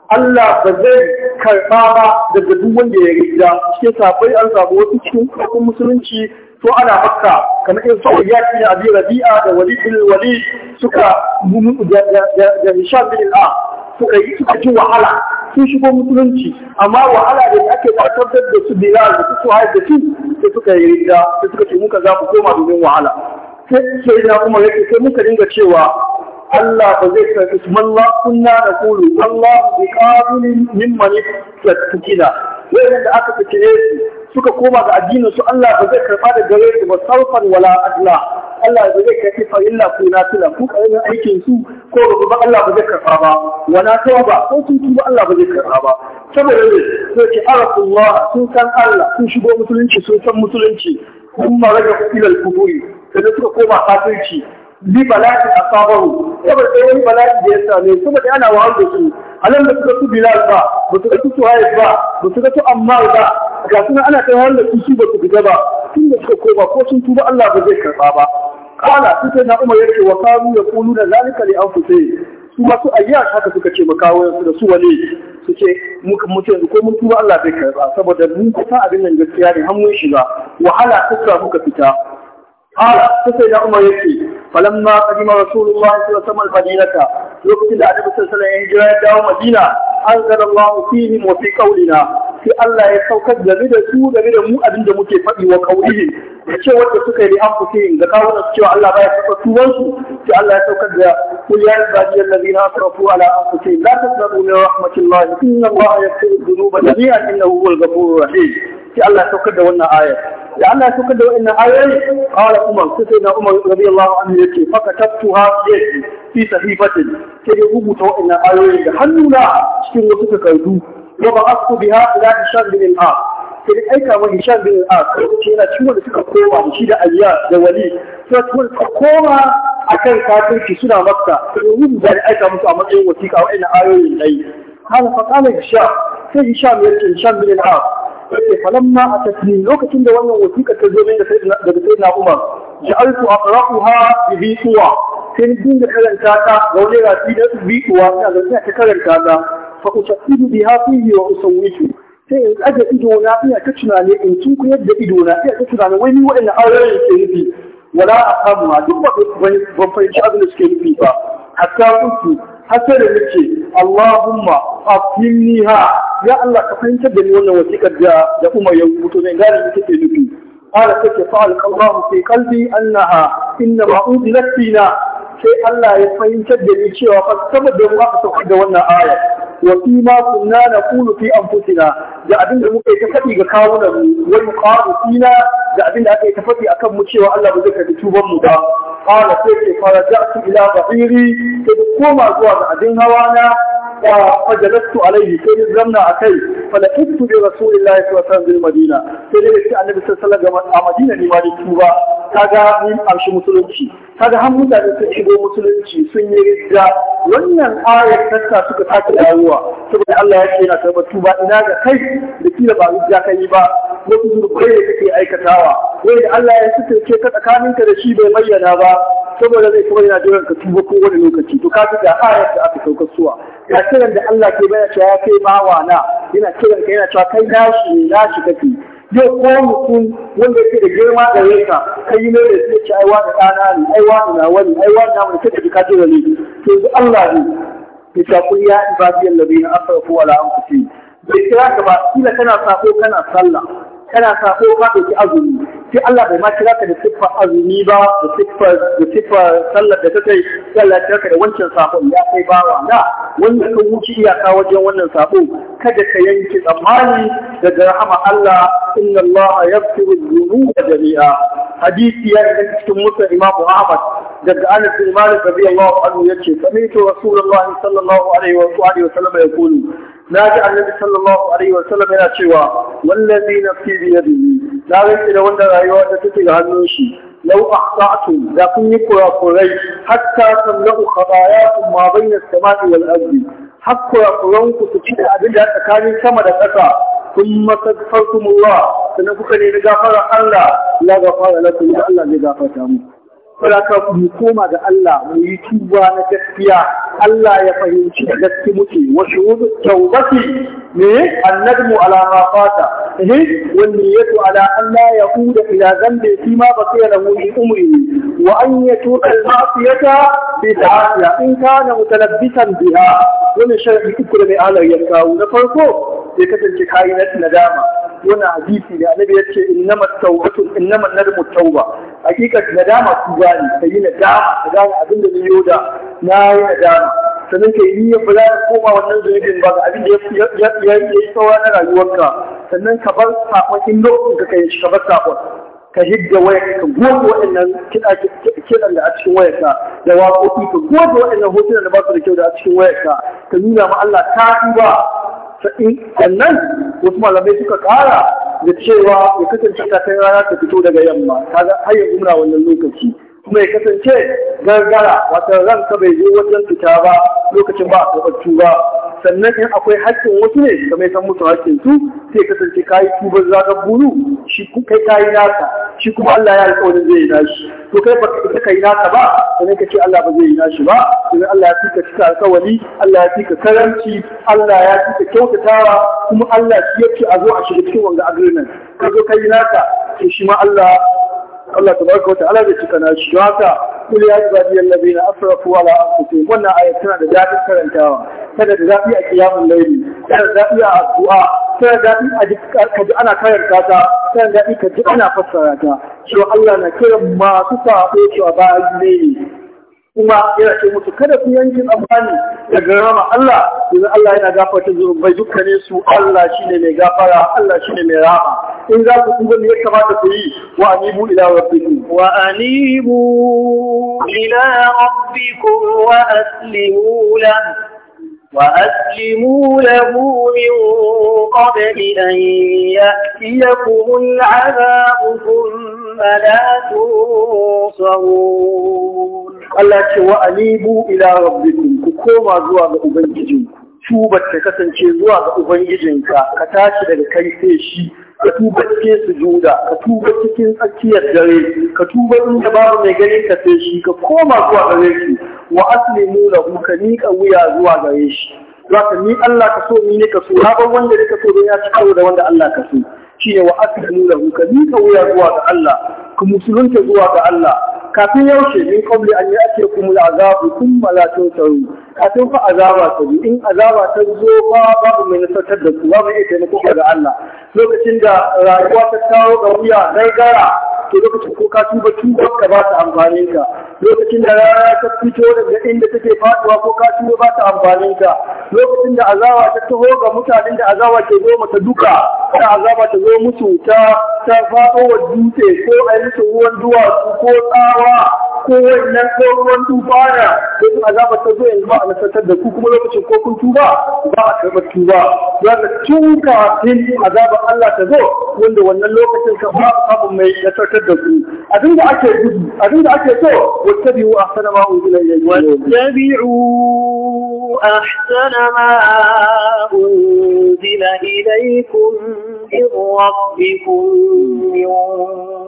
Allah ba zai karɓa ba daga duk wanda ya rida cikin sabai an samu wasu cikin hukun musulunci to ana makka kamar irin su ayyat bin abi rabi'a da wali bin suka da da da suka yi suka ji wahala sun shigo musulunci amma wahala da ake tabbatar da su bilal da su suhaib da su sai suka yi rinda sai suka ce muka za ku koma domin wahala sai sai na kuma yake sai muka dinga cewa Allah ba zai karfi su malla kunna da kulu Allah bi qabilin mimman tattakina wayannan da aka fice su suka koma ga addinin su Allah ba zai karba da gare su ba sarfan wala adla Allah ba zai karbi farilla ko nafila ko karamin aikin su ko ba Allah ba zai karba ba wala tauba ko sun tuba Allah ba zai karba ba saboda ne sai ce arafullah sun san Allah sun shigo musulunci sun san musulunci kuma rage ilal kuburi sai suka koma kafirci bi bala'i asabahu saboda sai wani bala'i da ya same su saboda ana wahal da su nan da suka su bilal ba ba su ga su ba ba su ga su ammar ba ga suna ana kai wahal da su su ba su fita ba tun da suka koma ko sun tuba Allah ba zai karba ba kala sun sai na umar yake wa karu ya kulu da zalika an anfusihim su masu ayyash haka suka ce makawayen su da su wale su ce muka mutu yanzu ko mun tuba Allah zai karba saboda mun kusa abin nan gaskiya ne har mun shiga wahala ta muka fita قال فسيد عمر يكي فلما قدم رسول الله صلى الله عليه وسلم المدينة يقتل النبي صلى الله عليه وسلم هجرة داو مدينة أنزل الله فيهم وفي قولنا في الله يسوكت لمدى سوء لمدى مو أبن دمكي فأي وقولهم ce wanda suka yi anfusihim da kawo da cewa Allah baya saka tuban su sai Allah ya saukar da kul ya ibadi allazina asrafu ala anfusihim la tasrafu min rahmatillah inna Allah yaghfiru dhunuba jami'an sai Allah ya saukar da wannan aya. da Allah ya saukar da wannan ayar qala umar sai na umar radiyallahu anhu yake fa katabtuha yake fi sahifatin sai ya rubuta wannan ayoyin da hannuna cikin wasu takardu wa ba'athu biha ila ishaq bin al a sai aika wa ishaq bin al a. sai yana cikin wanda suka koma shi da ayya da wali sai suka koma akan kafirci suna makka sai rubuta da aika musu a matsayin wasiƙa wa'annan ayoyin dai hada fa qala ishaq sai ishaq yake ishaq bin al a yace falamma atatni lokacin da wannan wasiƙa ta zo min da sayyidina daga sayyidina Umar ja'altu aqra'uha bi bi'wa sai ni dinga karanta ta ga wani rafi da bi'wa ina da ina ta karanta ta fa usaqqidu biha fihi wa usawwitu sai in aje ido na ina ta tunani in tunku yadda ido na ina ta tunani wai ni waɗannan auren ke nufi wala aqamu duk ba ban fahimci abin da suke nufi ba hatta kuntu hasar da nake Allahumma afinniha ya Allah ka fahimtar da ni wannan wasiƙar da da kuma ya mutu zan gane me take nufi Allah take fa alqallahu fi qalbi annaha inna ma unzilat fina sai Allah ya fahimtar da ni cewa fa saboda mu aka sauka da wannan aya wa fi ma kunna naqulu fi anfusina da abin da muka ta faɗi ga kawunan mu wa qalu fina Ga abin da aka yi tafafi akan mu cewa Allah ba zai karbi tuban mu ba qala sai ke faraja'tu ila bahiri sai koma zuwa ga abin hawa na fajalastu alaihi sai zamna akai kai bi rasulillahi sallallahu alaihi wasallam bil madina sai dai ce annabi sallallahu alaihi wasallam a madina ne ma ni tuba kaga mun amshi musulunci kaga har mutane sun shigo musulunci sun yi ridda wannan ayar tassa suka sake dawowa saboda Allah ya ce yana karɓar tuba ina ga kai da kila ba ridda kai ba wasu zurbai da kake aikatawa bawa wai da Allah ya suke ka tsakaninka da shi bai bayyana ba saboda zai kuma yana jiran ka tuba ko wani lokaci to ka ga ayat da aka sauka suwa ya kiran da Allah ke bayyana cewa ya kai bawa na yana kiran ka yana cewa kai nashi nashi kake zai ko mutum wanda yake da girma da yanka kai yi mai da zai ce ai wani ɗana ne ai wani na wani ai wani na wani ka jira ne to yanzu Allah ne ya ta kulliya ibadiyal ladina asrafu an anfusihim bai kira ka ba kila kana sako kana sallah kana sako ka ɗauki azumi sai Allah bai ma kira ka da siffar azumi ba da siffar da siffar sallar da kake sai Allah ya ka da wancan sako ya kai bawa na wanda ka wuce iyaka wajen wannan sako kada ka yanke tsammani daga rahama Allah inna Allah yaghfiru dhunuba jami'a hadisi ya daga cikin musa imamu Ahmad daga Anas bin Malik radiyallahu anhu yace sami'tu Rasulullahi sallallahu alaihi wa alihi wa sallam yaqulu na ji annabi sallallahu alaihi wa sallam yana cewa wallazi nafsi bi yadihi na rike da wanda rayuwa ta take ga hannun shi law akhta'tum da kun yi kurakurai hatta tamla'u khatayakum ma bayna as-sama'i wal ardi har kurakuranku su ci da abin da tsakanin sama da ƙasa kun masagfarkumullah sannan kuka nemi gafara Allah la gafara lakum Allah ne gafarta muku Saboda mu koma ga Allah mu yi tuba na gaskiya Allah ya fahimci da gaske muke wa shuhudu tawbati ne annadmu ala ma fata ne wal niyatu ala Allah ya yaquda ila zambi fi ma baqiya lahu min umri wa an yatuqa al ma'siyata bi ta'ala in kana mutalabbisan biha Wani sharhi uku da mai alar ya kawo na farko sai kasance kai na nadama Wani hadisi da annabi yace innamat tawbatu innamat nadmu tawba hakikat nadama su gane ta yi dama, ka gane abin da zai da na yi dama sannan ka yi ya fula da koma wannan zunubin ba ga abin da ya yi tsawa na rayuwarka sannan ka bar sakon lokacin ka kai ka bar sakon ka hidda wayar ka goge waɗannan kiɗan da a cikin wayarka da waƙoƙi ka goge waɗannan hotunan da ba su da kyau da a cikin wayarka ka nuna ma Allah ka ba sannan wasu malamai suka kara da cewa ya kasance kai rana ta fito daga yamma kaga har yanzu umra wannan lokaci kuma ya kasance gargara wata ranka bai zo wajen fita ba lokacin ba a ba sannan in akwai haƙƙin wasu ne ka mai san musu haƙƙin su sai kasance ka yi tubar zaka buru shi kai ka yi nasa shi kuma Allah ya tsawon zai yi nashi to kai ba ka kai nasa ba sannan ka ce Allah ba zai yi nashi ba sannan Allah ya fika cika alƙawari Allah ya fika karanci Allah ya fika kyautatawa kuma Allah shi yake a zo a shiga cikin wanga agreement ka zo ka yi nasa to shi ma Allah Allah tabaraka wa ta'ala zai cika nashi don haka kul ya ibadi allazina asrafu ala anfusihim wannan aya tana da dadin karantawa Kada da dadi a qiyamul layli kada da dadi a addu'a kada da dadi a duk ana karanta ta kada da dadi ka ji ana fassara ta to Allah na kiran masu sabo cewa bayan ne kuma yana ce musu kada ku yanke amfani daga rama Allah yanzu Allah yana gafarta zunubai dukkanin su Allah shine mai gafara Allah shine mai rama in za ku kuma me ya kamata ku yi wa anibu ila rabbikum wa anibu ila rabbikum wa aslimu lahu وأسلموا له من قبل أن يأتيكم العذاب ثم لا تنصرون الله وأنيبوا إلى ربكم كما زوا أبنجيكم tubar ta زوا zuwa ga Ubangijinka ka ka tuba cikin sujuda ka tuba cikin tsakiyar dare ka tuba inda babu mai ganin ka sai shi ka koma zuwa gare shi wa aslimu lahu ka wuya zuwa gare shi za ka ni Allah ka so ni ne ka so na bar wanda ka so don ya ci karo da wanda Allah ka so shine wa aslimu lahu ka wuya zuwa ga Allah ka musulunta zuwa ga Allah kafin yaushe min qabli an yati kum al'azabu thumma la tunsaru kafin fa azaba ta in azaba ta zo fa babu mai nasarar da ku babu na kuka ga Allah lokacin da rayuwa ta kawo ga wuya gara to lokacin ko ka tuba tuba ka ba ta amfani ka lokacin da rana ta fito daga inda take faduwa ko ka tuba ba ta amfani ka lokacin da azawa ta taho ga mutanen da azawa ke zo mata duka ta azaba ta zo musu ta ta faɗo wa dutse ko a yi ruwan duwatsu ko tsawa ko wannan tsohon tuba na ko kuma azaba ta zo yanzu ba a nasarar da ku kuma lokacin ko kun tuba ba a karɓa tuba za ka tun kafin azabar Allah ta zo wanda wannan lokacin ka ba samun mai nasarar da ku abin da ake gudu abin da ake so wata biyu a sana ma unzila ilayhi wattabi'u أحسن ما أنزل إليكم من ربكم من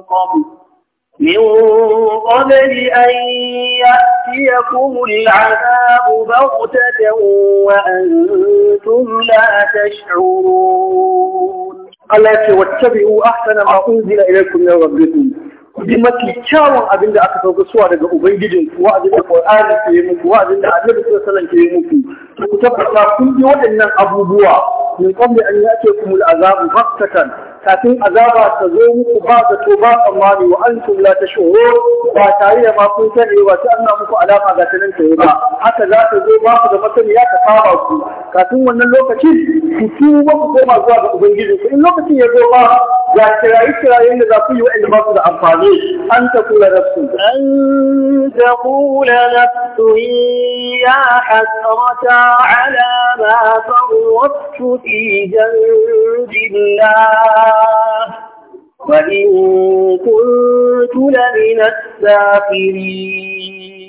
قبل من قبل أن يأتيكم العذاب بغتة وأنتم لا تشعرون التي واتبعوا أحسن ما أنزل إليكم من ربكم kudi mafi kyawun abin aka sauka suwa daga ubangijin ku wa'azin da qur'ani ke yi muku wa'azin da annabi sallallahu ke yi muku ku tabbata kun ji waɗannan abubuwa min qabli an ya'tiyakum al'azabu baghtatan kafin azaba ta zo muku ba zato ba tsammani wa antum la tashurun ba tare da ma kun sani ba sai an muku alama ga tanin ta ba haka za ta zo ba ku da masaniya ta fara ku kafin wannan lokaci ku ba ku koma zuwa ga ubangiji ku in lokacin ya zo ba ga kirayi kirayen da za ku yi wa'anda ba su da amfani an ta kula su an ta kula nafsu ya hasrata ala ma farwattu fi jannatillah وإن كنت لمن الساخرين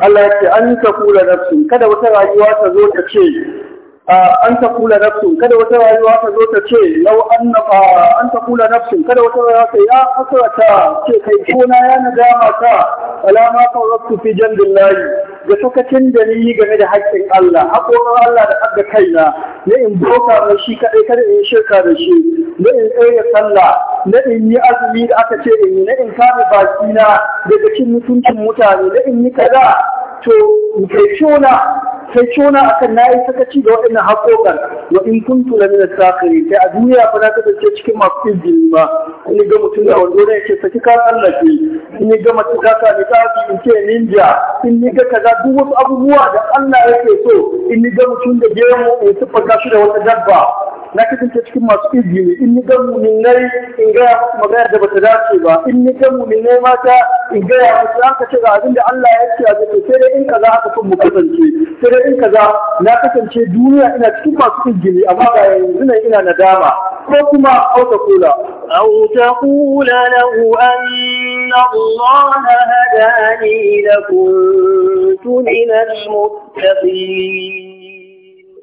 Allah ya ce an ta kula nafsin kada wata rayuwa ta zo ta ce an ta kula nafsun kada wata rayuwa ta zo ta ce lau an ta kula nafsun kada wata rayuwa ta ya ta ce kai kona ya dama ta alama farrattu fi jandillahi da sokacin da ni game da haƙƙin Allah haƙoƙin Allah da haɗa kaina na in boka mai shi kaɗai kada in shirka da shi na in tsaye sallah na in yi azumi da aka ce in yi na in kame bakina daga cin mutuncin mutane na in yi kaza to kai kyona kai kyona akan yi sakaci da waɗannan na haƙoƙar wa in kuntu la min as-sakhirin sai a duniya fa na kasance cikin masu jini ba in ga mutum da wando ne yake saki ka tsallake in ga mutum ka sami ka in ce ninja in ni ga kaza duk wasu abubuwa da Allah yake so in ni ga mutum da gemu in tabbata shi da wata dabba na kasance cikin masu izini in ni ga muminai in gaya magana da bata dace ba in ni ga muminai mata in gaya musu an kace ga abin da Allah ya ce a zai sai dai in za aka kun mu kasance sai dai in kaza na kasance duniya ina cikin masu izini amma ga yanzu ne ina nadama ko kuma au ta kula au ta kula lahu anna Allah hadani lakuntu min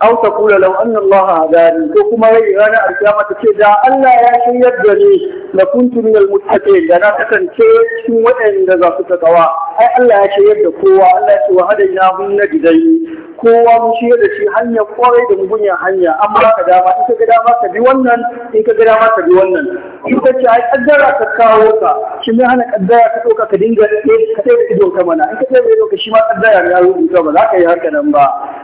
aw kula law anna Allah hadani ko kuma rai ranar alkiyama ta ce da Allah ya shiryar da ni na kuntu min almuttaqin da na kasance cikin waɗanda za su takawa ai Allah ya shiryar da kowa Allah ya ce wa hadaina hun najdain kowa mu shirya da shi hanyar kwarai da mugunyar hanya an ba ka dama in ka ga dama ka bi wannan in ka ga dama ka bi wannan in ka ce ai kaddara ka kawo ka shi ne hana kaddara ka ɗauka ka dinga ka tsaye da idon ka mana in ka tsaye da idon ka shi ma kaddara ne ya rubuta ba za ka yi haka nan ba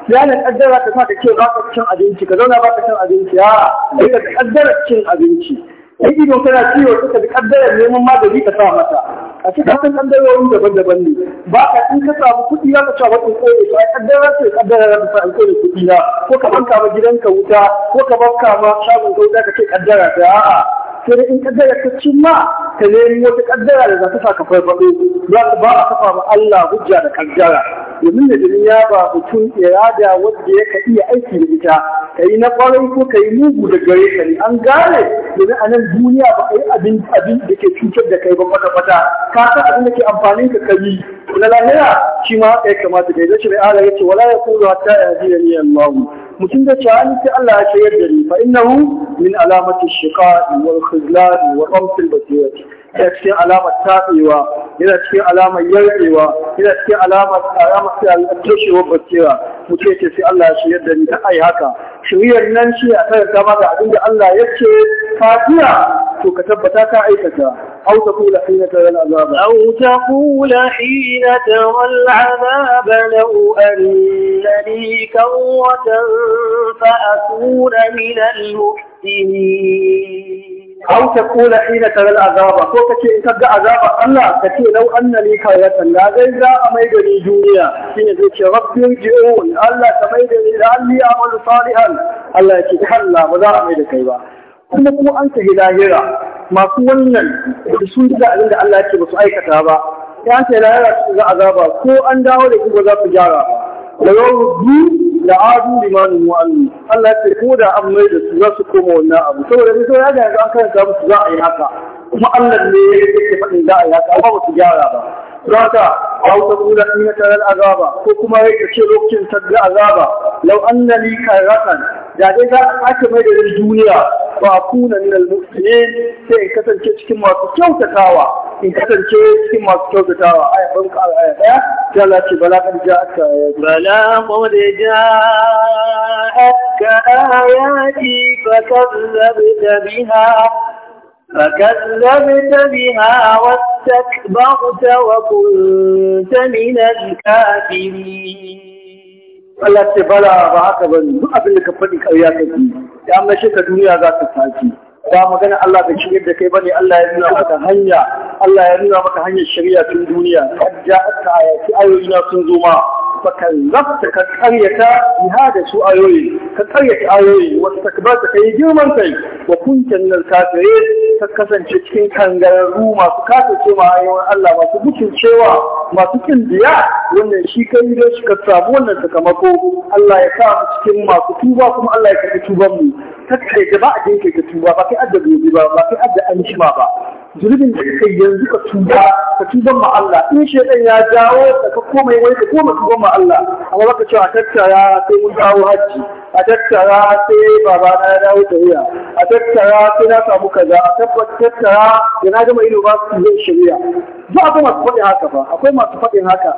ya hana kaddara ka sa ka ce ba ka cin abinci ka zauna ba ka cin abinci a ka kaddara cin abinci in ido kana ciwo suka bi kaddarar neman magani ka sa mata a cikin san kaddarorin daban-daban ne ba ka in ka samu kuɗi za ka cewa a ne to a kaddara ce kaddara ka sa in kuɗi na ko ka banka ma gidanka wuta ko ka banka ma shagon ka wuta ka ce kaddara ta a'a sai in kaddara ta cimma ta nemi wata kaddara da za ta saka farfaɗo za ba a kafa ma Allah hujja da kaddara domin da ya ba mutum irada wanda ya ka iya aiki da ita ka yi na ƙwarai ko ka yi mugu da gare ka ne an gane domin a nan duniya ba ka yi abin da ke cutar da kai ba kwata-kwata ka san abin da ke amfanin ka ka yi na lahira shi ma ya kamata da ya zace mai ala ya ce wala ya kuru hatta ya ji ni mutum da ci an Allah ya shayar da ni fa innahu min alamati shiqa'i wal الخذلان وطمس البصيرة yana cikin alamar taɓewa yana cikin alamar yarɗewa yana cikin alamar alamar toshewar basira mutum yake sai Allah ya shirya da ni ta ai haka Shiriyar nan shi a karanta ma da abin da Allah ya ce fatiya to ka tabbata ka aikata aw taqula hina tara al-azaba aw taqula hina tara al-azaba law annani kawatan fa akuna min al-muhtinin aw ta kula hina taral azaba ko kace in ga azaba Allah kace lau anna li kayatan la zai za a mai da ni duniya shine zai ce rabbi ji'un Allah ta mai da ni alli amalu salihan Allah ya ce kalla ba za a mai da kai ba kuma ko an ta lahira masu wannan da sun da abin Allah ya ba su aikata ba ya ta lahira su ga azaba ko an dawo da ku ba za su gyara ba da yau da adu limanin wa'annu Allah ce ko da an mai da su za su koma wannan abu saboda so ya ga yanzu an karanta musu za a yi haka kuma Allah ne ya yake faɗin za a yi haka amma ba su gyara ba zaka aw taqula inna taral azaba ko kuma yake ce lokacin tadda azaba law annani karatan da dai za ake mai da duniya ba kuna min al-mu'minin sai kasance cikin masu kyautatawa in kasance cikin masu kyautatawa aya farko aya daya ta Allah ce bala kad ja'aka bala qad ja'aka ayati fakazzabta biha فكذبت بها واستكبرت وكنت من الكافرين Allah ce bala ba haka ba duk abin da ka faɗi ƙarya kake ya mashi ka duniya za ta saki ba magana Allah da shirya da kai bane Allah ya nuna maka hanya Allah ya nuna maka hanyar shari'a tun duniya kad ja'aka ayati ayoyina sun zo ma fakazzabta ka karyata jihada su ayoyi ka karyata ayoyi wasu takbarta kai girman kai wa kuntan nan kafirin ta kasance cikin kangararru masu kasance ma ayoyin Allah masu cewa, masu kin biya wannan shi kai da shi ka samu wannan sakamako Allah ya sa mu cikin masu tuba kuma Allah ya karɓi tuban mu kakkai da ba a jinke ka tuba ba kai adda gobe ba ba kai adda an shima ba zunubin da kai yanzu ka tuba ka tuban ma Allah in dan ya dawo ka ka komai wai ka koma tuban ma Allah amma baka cewa tattara sai mun dawo hajji a tattara sai baba na ya dawo tafiya a tattara sai na samu kaza a suka tattara da na gama university zai shari'a ba akwai masu faɗin haka ba akwai masu faɗin haka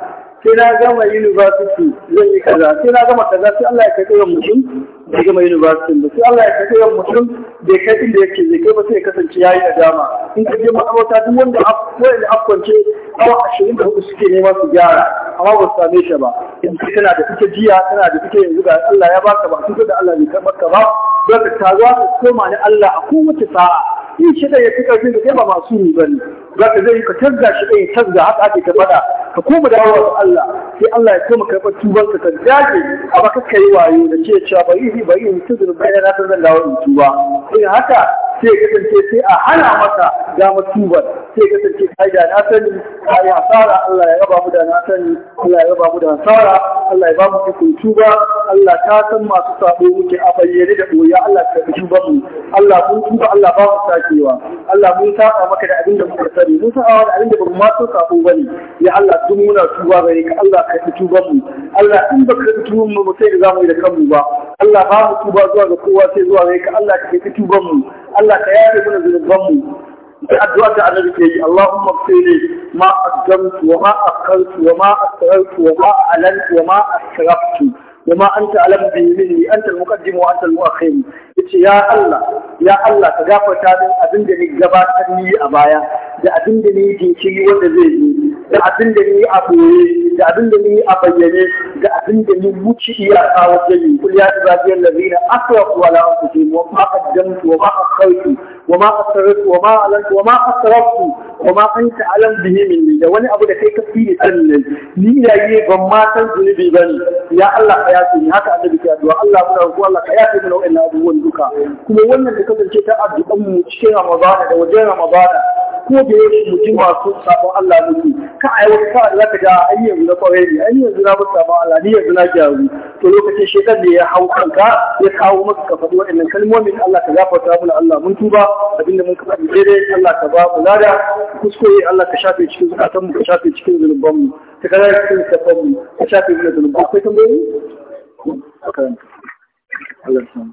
sai na gama university zai yi kaza sai na gama kaza sai Allah ya kai yawan mutum da gama university ba sai Allah ya kai yawan mutum bai kai inda yake ya kai ba sai ya kasance a dama in ka je ma'aurata duk wanda wanda akwance awa ashirin da hudu suke nema su gyara amma ba su same shi ba yanzu tana da ita jiya tana da ita yanzu ga Allah ya baka ba tun da Allah bai karɓar ka ba don ka taruwa ka koma ni Allah a kowace sa'a yi shi da ya fi karfin da kai ba masu yi bane za ka zai yi ka canza shi da ya haka ake ta faɗa ka koma da wa Allah sai Allah ya koma karɓar tuban ka kan dage a baka kai wayo da ce cewa bari yi bari yi tudur bayan na san zan dawo in tuba sai haka sai kasance sai a hana maka ga tubar sai kasance kai da na sani kai asara Allah ya raba mu da na sani Allah ya raba mu da asara Allah ya ba mu ikon tuba Allah ka san masu sabo muke a bayyane da koyi, Allah ka ba mu Allah mun tuba Allah ba mu sakewa Allah mun saba maka da abin da muke sani mun saba da abin da ba mu ma so sabo bane ya Allah duk muna tuba gare ka Allah ka tuba mu Allah in ba baka tuba mu sai da zamu yi da kanmu ba Allah ba mu tuba zuwa ga kowa sai zuwa gare ka Allah ka tuba mu Allah ka yafe mana zunubanmu da addu'a ta annabi ke yi Allahumma qini ma qaddamtu wa ma akhaltu wa ma asrartu wa ma alantu wa ma asraftu وما أنت ألم Anta أنت المقدم وأنت المؤخر يتي يا الله يا الله تغافر تابين أبندني قبات min abin da abin da ni jinkiri wanda zai yi da abin da ni a boye da abin da ni a bayyane da abin da ni wuce iyaka wajen yi kul ya ibadi allazina asrafu ala anfusihim wa ma qaddamtu wa ma akhartu wa ma asrartu wa ma alantu wa ma asraftu wa ma an alam bihi ni da wani abu da kai ka fili tsarin nan ni yi ban ma san zunubi ne. ya Allah ka yafe ni haka annabi ke addu'a Allah muna roƙo Allah ka yafe mana wa'annan abubuwan duka kuma wannan da kasance ta addu'an mu cikin ramadana da wajen Ramadana ko da yake mutum masu sabon Allah ne ka aiwata za ka ga yi yanzu na kwarai ne yi yanzu na ba sabon Allah ni yanzu na gyaru to lokacin shekar da ya hau kanka ya kawo maka ka faɗi waɗannan kalmomin Allah ka gafarta mana Allah mun tuba abinda mun kafa daidai Allah ka ba mu lada kuskure Allah ka shafe cikin zukatanmu ka shafe cikin zunubanmu ka kada cikin zukatanmu ka shafe cikin zunubanmu akwai tambayoyi? Allah ya samu.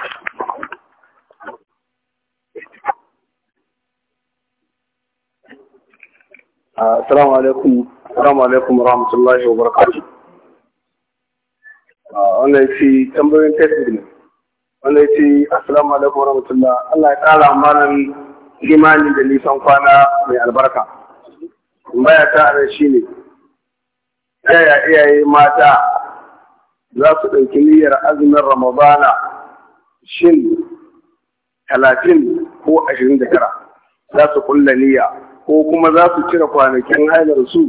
Ah, assalamu alaikum, assalamu alaikum wa rahmatullahi wa barakatuh. Ah, Wannan ce tambayoyin Facebook ne. Wannan ce assalamu alaikum wa rahmatullah. Allah ya tsara malam imani da nisan kwana mai albarka. Tambaya ta a shi ne. Yaya iyaye mata za su ɗauki niyyar azumin Ramadana shin talatin ko ashirin da tara za su niyya ko kuma za su cire kwanakin hailar su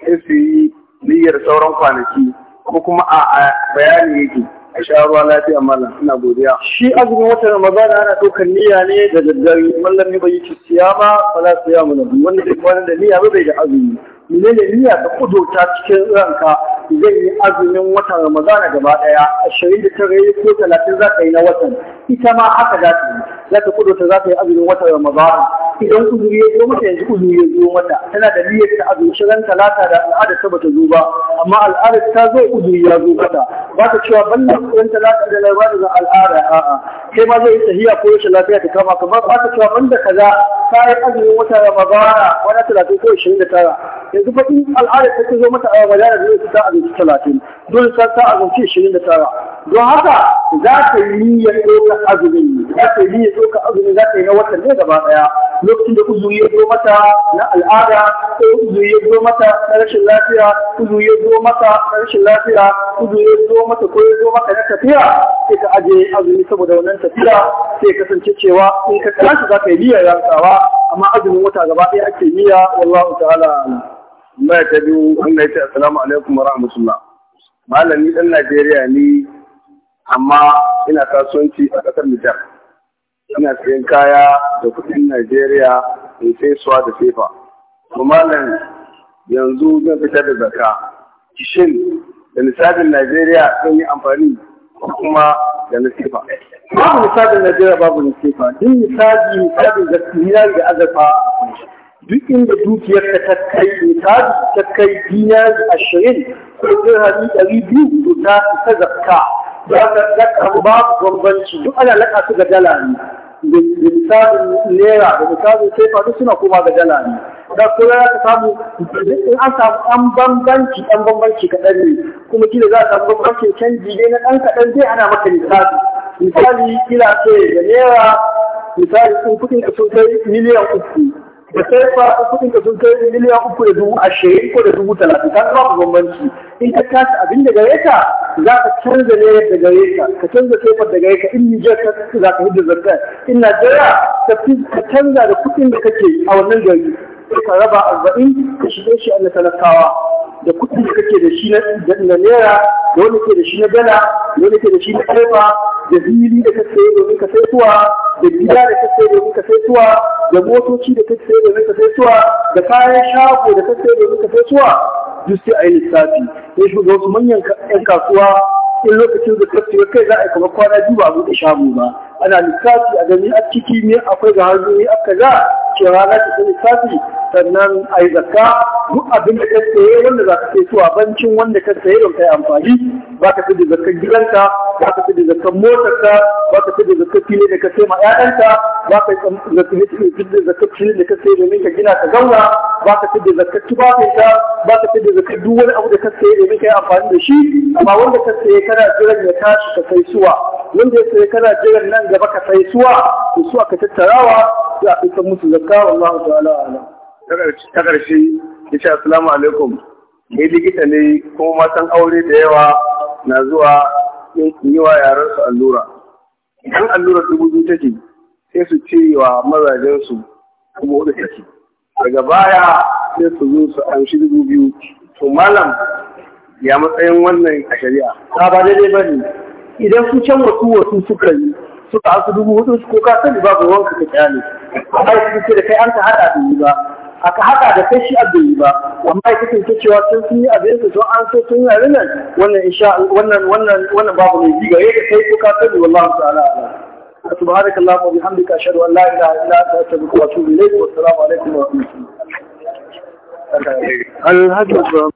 sai su yi niyyar sauran kwanaki ko kuma a bayani yake a sha lafiya mallam ina godiya shi azumin watan ramadan ana ɗaukar niyya ne da daddare mallam ne bai ci siyama wala siyamu lahu wanda bai kwana da niyya ba bai da azumi menene niyya kudo ta cikin ranka zai yi azumin watan Ramadana gaba daya ashirin da ta yi ko talatin za ka yi na watan ita ma haka za ta yi za ta ta za ta yi azumin watan Ramadana idan uzuri ya zo mata yanzu uzuri ya zo mata tana da niyyar ta azu ran talata da al'ada ta bata zo ba amma al'adar ta zo uzuri ya zo mata ba ta cewa balla shirin talata da labarin da al'ada a'a kai ma zai tahiya ko yaushe lafiya ta kama kamar ba ta cewa banda kaza yi azumin wata ramadana wani talatin ko ishirin da tara yanzu fa in al'ada ta zo mata a ramadana da zai ta azumci talatin dole ta ta azumci ishirin da tara don haka za ta yi niyyar ɗaukar azumin za ta yi niyyar ɗaukar azumin za ta yi na watan ne gaba ɗaya lokacin da uzuri ya zo mata na al'ada ko uzuri ya zo mata na rashin lafiya uzuri ya zo mata na rashin lafiya uzuri ya zo mata ko ya zo maka na tafiya sai ka aje azumi saboda wannan tafiya sai kasance cewa in ka tashi za ka yi niyyar rantsawa amma azumin wata gaba ɗaya ake niyya wallahu ta'ala Allah ya tabi Allah ya ce assalamu alaikum wa rahmatullah malami dan Najeriya ni amma ina kasuwanci a ƙasar Nijar ina siyan kaya da kudin Najeriya in sai suwa da sefa. nan, yanzu zan fitar da zaka. Shin da lissafin Najeriya zan yi amfani ko kuma da na Babu lissafin Najeriya babu na sefa. Duk lissafi lissafin zakka da azafa duk inda dukiyar ta kai ta ta kai dinar ashirin ko dinar ɗari biyu ta ta zakka. babu bambanci duk ana laka su ga dala ne da misalin naira da misalin sefa duk suna koma ga dala ne da kula za ka samu in an samu an bambanci an bambanci kaɗan ne kuma kila za a samu bambancin canji ne na ɗan kaɗan zai ana maka misali misali kila ce da naira misali in kuɗin ka sun kai miliyan uku da sai fa kudin da sun kai miliyan uku da dubu ashirin ko da dubu talatin ka zama bambanci in ka tashi abin da gare ka za ka canza ne da gare ka ka canza sefar da gare ka in ni Nijar ka za ka hujjar zakka in Najeriya ka canza da kuɗin da kake a wannan gari ka raba arba'in ka shigo shi a na talakawa da kuɗi da kake da shi na naira da wani ke da shi na dala da wani ke da shi na kaifa da fili da kake domin ka saituwa da gida da kake domin ka saituwa da motoci da kake domin ka saituwa da kayan shago da kake domin ka saituwa duk sai a yi lissafi sai shiga wasu manyan 'yan kasuwa in lokacin da kasu ya kai za a yi kama kwana biyu ba a buɗe shago ba ana lissafi a gani a ciki ne akwai ga hannu ne aka za cewa na cikin lissafi sannan a yi zakka duk abin da ka saye wanda za ka sai suwa bancin wanda ka saye don kai amfani ba ka fi da zakar gidanka ba ka fi da zakar motarka ba ka fi da zakar fili da ka sai ma ƴaƴanka ba ka fi da zakar fili da ka sai domin ka gina ka zauna ba ka fi da zakar tufafinka ba ka fi da zakar duk wani abu da ka saye domin kai amfani da shi amma wanda ka saye kana jiran ya tashi ka sai suwa wanda ya saye kana jiran nan gaba ka sai suwa to suwa ka tattarawa sai a fitar musu zakka wallahu ta'ala a'lam ta ƙarshe yace assalamu alaikum ni likita ne kuma matan aure da yawa na zuwa in yi wa yaran su allura idan allura dubu biyu take sai su ce wa mazajen su kuma wadda take daga baya sai su zo su amshi dubu biyu to malam ya matsayin wannan a shari'a ta ba daidai ba ne idan su can wasu wasu suka yi suka asu dubu hudu ko ka sani babu wanka ka kyale ba su ce da kai an ta hada da yi ba aka haka da kai shi abin ba wanda ya kasance cewa sun sun yi abin su don an so sun yi abin nan wannan insha wannan wannan wannan babu mai ji gare da kai ko ka sani wallahi ta'ala ala subhanakallah wa bihamdika ashhadu an la ilaha illa anta astaghfiruka wa atubu ilayk wa assalamu alaikum wa rahmatullahi